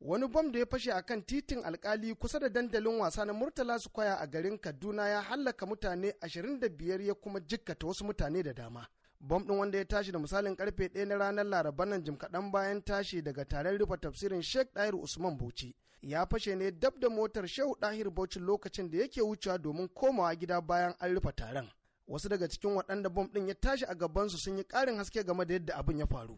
wani bom da ya fashe a kan titin alkali kusa da dandalin wasa na murtala kwaya a garin kaduna ya hallaka mutane 25 ya kuma jikkata wasu mutane da dama bom ɗin wanda ya tashi da misalin karfe 1 na ranar laraba nan jim kaɗan bayan tashi daga taron rufe tafsirin sheikh dahir usman bauchi ya fashe ne dab da motar shehu dahir bauchi lokacin da yake wucewa domin komawa gida bayan an rufe taron wasu daga cikin waɗanda bom ɗin ya tashi a gabansu sun yi karin haske game da yadda abin ya faru.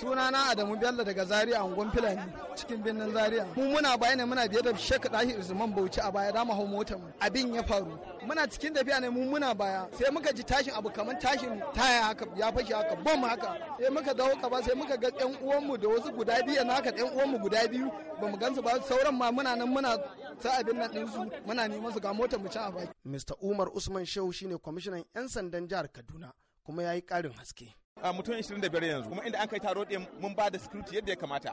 suna na adamu bello daga zaria angon filani cikin birnin zaria mu muna baya ne muna biye da shek dahi irzuman bauchi a baya da mu hau mu abin ya faru muna cikin tafiya ne mu muna baya sai muka ji tashin abu kamar tashin taya haka ya fashe haka bom haka sai muka dawo kaba sai muka ga yan mu da wasu guda biyu na haka yan mu guda biyu bamu gansu ba sauran ma muna nan muna ta abin nan su muna neman su ga mota mu ci a baki. Mr. Umar Usman Shehu shine kwamishinan 'yan sandan jihar Kaduna kuma ya yi ƙarin haske. a mutum 25 yanzu kuma inda an kai taro din mun ba da security yadda ya kamata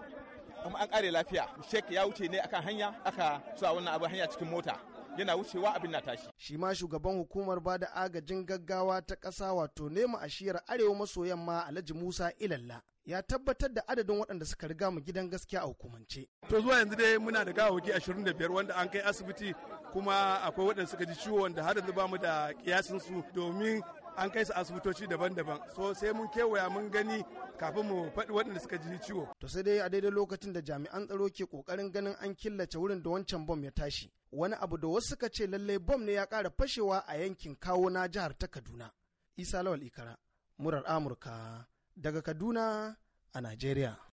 kuma an kare lafiya shek ya wuce ne akan hanya aka zuwa wannan abu hanya cikin mota yana wucewa abin na tashi shi ma shugaban hukumar ba da agajin gaggawa ta ƙasa wato nema a shiyar arewa maso yamma alhaji musa ilalla ya tabbatar da adadin waɗanda suka riga mu gidan gaskiya a hukumance to zuwa yanzu dai muna da gawawaki 25 wanda an kai asibiti kuma akwai waɗanda suka ji ciwo wanda har yanzu bamu da kiyasin su domin an kai su asibitoci daban-daban so sai mun kewaya mun gani kafin mu faɗi waɗanda suka ji ciwo. To sai dai a daidai lokacin da jami'an tsaro ke kokarin ganin an killace wurin da wancan bom ya tashi. Wani abu da wasu suka ce lallai bom ne ya kara fashewa a yankin kawo na jihar ta Kaduna. Isa Lawal Ikara, murar Amurka, daga Kaduna a Najeriya.